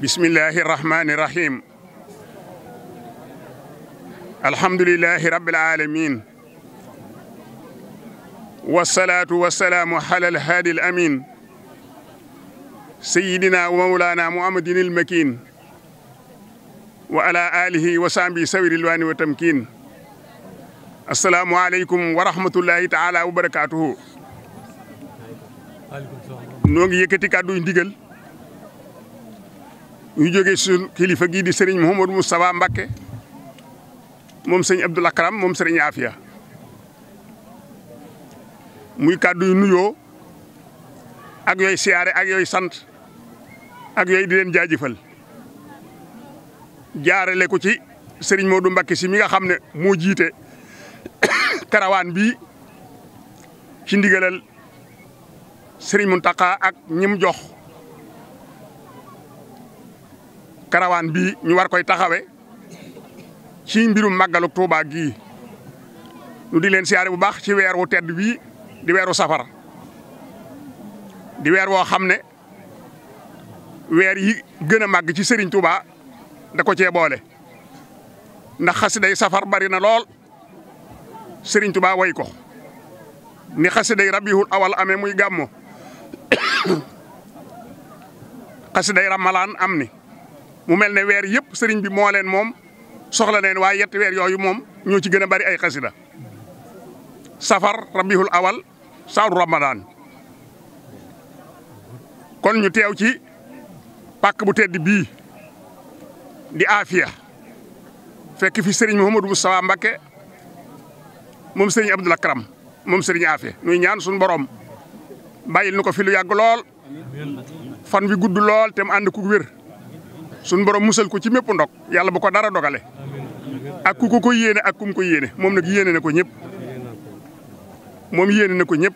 bismillahi rahmani rahim alhamdulilahi rabbil alamin wasalaatu wasalaamu ala alhaadi al amin sayidina wa mawlaana muhammadin il makin wa ala alihi wa sahbi sawir ilwaani wa tamkin asalaamu aleykum wa rahmatullahi taala wa barakatuhu noo ngi yëkkati kàddu ndigal ñu jógee suñu kilifa gii di sëriñ mu Moustapha Mbacké moom sëñ Abdoul Akram moom sëriñ Afia muy kàddu yu nuyoo ak yooyu siyaare ak yooyu sant ak yooyu di leen jaajëfal jaarale ko ci sëriñ Modou Mbacké si mi nga xam ne moo jiite karawaan bi ci ndigalal sëriñ Mountakha ak ñim jox. karawaan bii ñu war koy taxawe ci mbirum màggalu Tuuba gii ñu di leen siyaare bu baax ci weer wu tedd bii di weeru safar di weer woo xam ne weer yi gën a màgg ci Serigne Touba da ko cee boole ndax xasiday safar bari na lool Serigne Touba way ko ni xasiday rabihul awal amee muy gàmmo xasiday ramalaan am ni mu mel ne weer yëpp sëriñ bi mooleen moom soxla ne waaye yetti weer yooyu moom ñoo ci gën a bari ay xasida safar rabihul awal saaru ramadan kon ñu teew ci pàkk bu tedd bii di Afia fekk fi sëriñ Mouhamadou Moustapha Mbacké moom sëriñ Abdoul Akram moom sëriñ Afia nuy ñaan suñu boroom bàyyil nu ko fi lu yàgg lool fan wi gudd lool te mu ànd ku wér suñ borom musal ko ci mépp ndog yàlla bu ko dara dogale ak ku ko ko yéene ak kum ko yéene moom nag yéene na ko ñëpp moom yéene ko ñëpp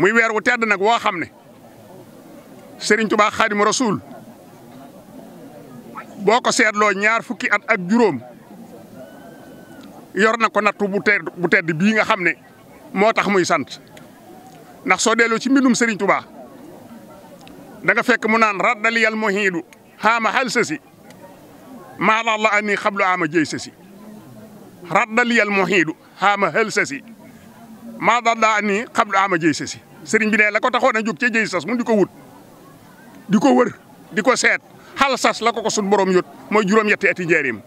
muy weer wu tedd nag woo xam ne Serigne Touba Xaadimu Rasuul boo ko seetloo ñaar fukki at ak juróom yor na ko nattu bu tedd bu bii nga xam ne moo tax muy sant ndax soo delloo ci mbindum Serigne Touba da nga fekk mu naan raddaliyal muhiidu xaama xal sasi maa la ani xablu ama jëy sasi raddaliyal muhiidu xaama xal sasi maala la ani xablu ama jëy sasi sëriñ bi ne la ko taxoon a jóg ca jëy sas mu di ko wut di ko wër di ko seet xal sas la ko ko sun borom yot mooy juróom-ñetti ati njëriñ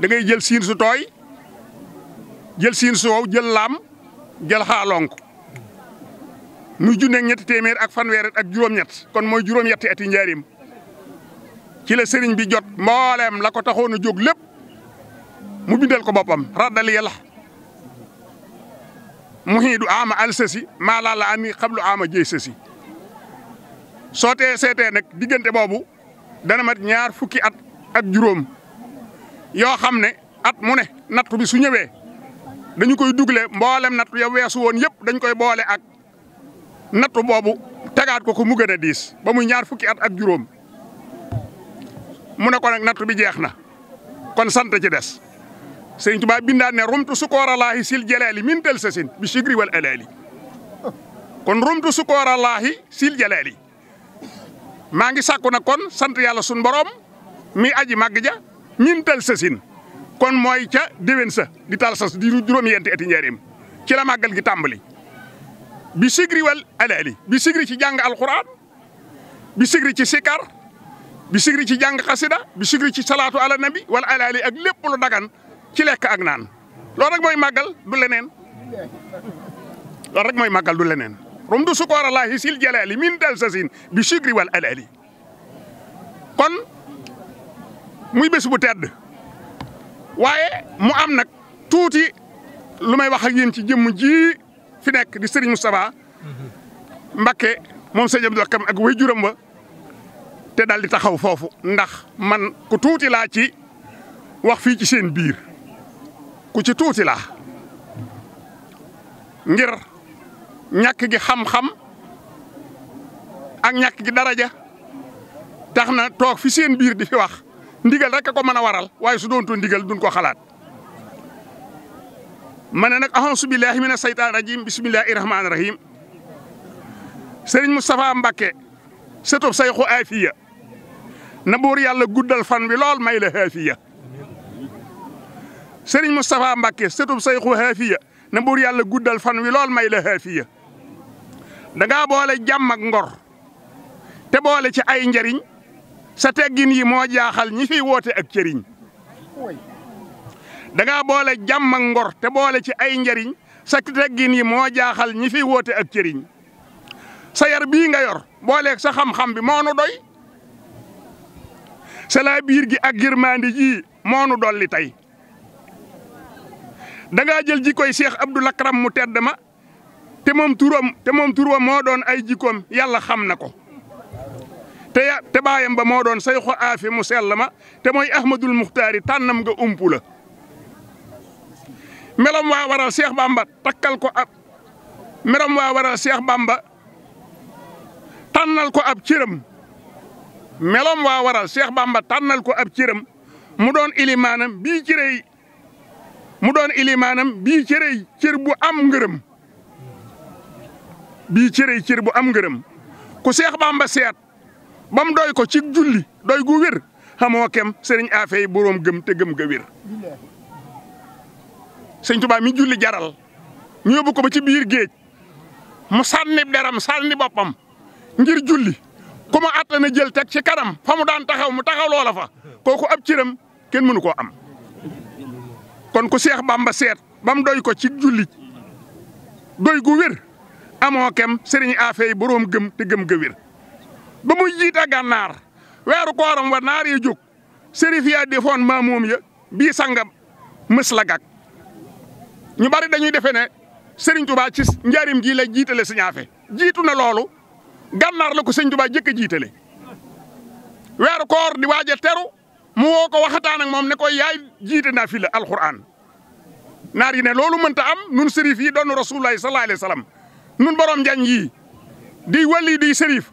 da ngay jël siin su jël siin su wow jël laam jël xaalonk muy junneeg ñetti téeméer ak fanweer ak juróom-ñett kon mooy juróom-ñetti ati njaarim ci la sëriñ bi jot mbooleem la ko taxoon a jóg lépp mu bindal ko boppam raddali yàlla muhiidu ama al sësi maa laa la ani xablu ama jëy sësi soo tee seetee nag diggante boobu dana mat ñaar fukki at ak juróom yoo xam ne at mu ne nattu bi su ñëwee dañu koy dugle mboolem nattu ya weesu woon yëpp dañ koy boole ak nattu boobu tegaat ko ko mu gën a diis ba muy ñaar fukki at ak juróom mu ne ko nag nattu bi jeex na kon santa ci des Sëriñ Tuubaa bindaat ne rumtu sukooralaahi sil jalaali min tel sa sin bi sigri wal alaali kon rumtu sukooralaahi sil jalaali maa ngi sàkku na kon sant yàlla sun borom mi aji màgg ja min tel sa kon mooy ca déwén sa di tal sas di juróom-yenti ati njaareem ci la màggal gi tàmbali bi sigri wal alaali bi sigri ci jàng alquran bi sigri ci sikar bi sigri ci jàng xasida bi sigri ci salaatu ala nabi wal alaali ak lépp lu dagan ci lekk ak naan loolu rek mooy màggal du leneen loolu mooy màggal du leneen rumdu sukoorallaahi sil jalaali min dal bi sigri wal alaali kon muy bés bu tedd waaye mu am nag tuuti lu may wax ak ci jëmm ji fi nekk di Serigne Moustapha Mbacké moom sëñ Abdou Akam ak way juram wa te daal di taxaw foofu ndax man ku tuuti laa ci wax fii ci seen biir ku ci tuuti laa ngir ñàkk gi xam-xam ak ñàkk gi daraja tax na toog fi seen biir di fi wax ndigal rek a ko mën a waral waaye su doon to ndigal duñ ko xalaat ma ne nag axonsu mi mina saytaan rajim bismillahi rahmaani rahim sëriñ Moustapha Mbakke sëtub sayxu aafiya na buur yàlla guddal fan bi lool may la aafiya sëriñ Moustapha Mbakke sëtub sayxu aafiya na buur yàlla guddal fan wi lool may la aafiya da boole jàmm ngor te boole ci ay njariñ sa teggin yi moo jaaxal ñi fiy woote ak cëriñ da boole jàmm ngor te boole ci ay njariñ sa teggin yi moo jaaxal ñi fi woote ak cëriñ sa yar bii nga yor booleeg sa xam-xam bi moo nu doy sa la biir gi ak girmaandi ji moo nu dolli tey da jël jikkoy Cheikh Abdou Lakram mu tedd ma te moom turam te moom turam moo doon ay jikkoom yàlla xam na ko te baayam ba moo doon sayxu aafi mu sell ma te mooy Ahmadul Muxtaari tànnam nga umpu melam waa waral Cheikh Bamba takkal ko ab melam waa waral Cheikh Bamba tànnal ko ab cëram melam waa waral Cheikh Bamba tànnal ko ab cëram mu doon ilimaanam bii cërey mu doon ilimaanam bii cërey cër bu am ngërëm bii cërey cër bu am ngërëm ku Cheikh Bamba seet bam doy ko ci julli doy gu wér xamoo kem sëriñ afey boroom gëm te gëm ga wér sëñ Tuubaa mi julli jaral ñu yóbbu ko ba ci biir géej mu sànni deram sànni boppam ngir julli ku mu àttan a jël teg ci kanam fa mu daan taxaw mu taxaw loola fa kooku ab cëram kenn mënu koo am. kon ku Seex Bamba seet ba doy ko ci julli doy gu wér amoo kem sëriñ Afey boroom gëm te gëm ga wér ba muy jiite gànnaar weeru kooram wa naar yi jóg sërif yaa defoon maamoom ya bii sangam mës la ñu bari dañuy defee ne Serigne Touba ci njaarim gii la jiitale si ñaafe jiitu na loolu gànnaar la ko Serigne Touba jëkk jiitale weeru koor di waaj a teru mu woo ko waxataan ak moom ne ko yaay jiite naa fi alxuraan naar yi ne loolu mënta am nun sërif yi doon rasulullahi sallallahu alayhi wa sallam nun borom njañ yii di wali di sërif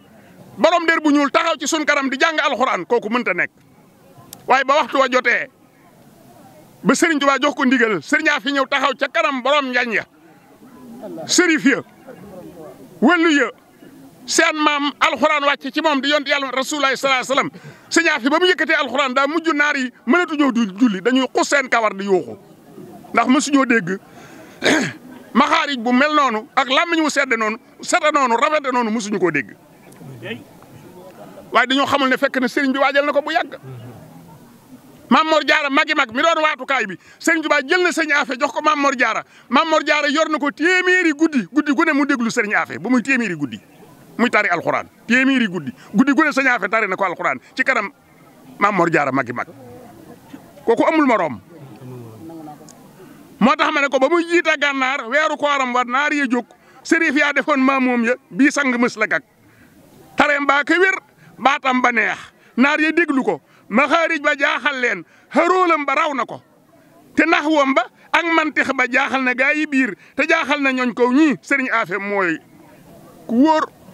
borom der bu ñuul taxaw ci sun kanam di jàng alxuraan kooku mënta nekk waaye ba waxtu wa jotee ba Serigne Touba jox ko ndigal Serigne a fi ñëw taxaw ca kanam borom njañ ya sërif ya wëllu ya seen maam alxuraan wàcc ci moom di yont yàlla rasulullahi salaa salaam Serigne a fi ba mu yëkkatee alxuraan daa mujj naar yi mënatu ñëw di julli dañuy xus seen kawar di yooxu ndax mësuñoo dégg maxaarij bu mel noonu ak làmmiñ wu sedd noonu sedd noonu rafet noonu mësuñu koo dégg waaye dañoo xamul ne fekk na Serigne bi waajal na ko bu yàgg. Maam Mor Jaara magi mag mi doon waatukaay bi sëñ Tuubaa jël na sëñ Afe jox ko Maam Mor Jaara Maam Mor Jaara yor na ko téeméeri guddi guddi gu mu déglu sëñ Afe ba muy guddi muy tari alxuraan téeméeri guddi guddi gu ne sëñ Afe ko alxuraan ci kanam Maam Mor Jaara magi mag kooku amul morom. moo tax ma ne ko ba muy yiita gànnaar weeru kooram war naar ya jóg sëriif yaa defoon maam moom ya bii sang mës la gag tareem baa ko wér baatam ba neex naar ya déglu ko maxaarij ba jaaxal leen xaróolam ba raw na ko te nax wam ba ak mantix ba jaaxal na gaa yi biir te jaaxal na ñooñ kow ñi sëriñ Afe mooy ku wóor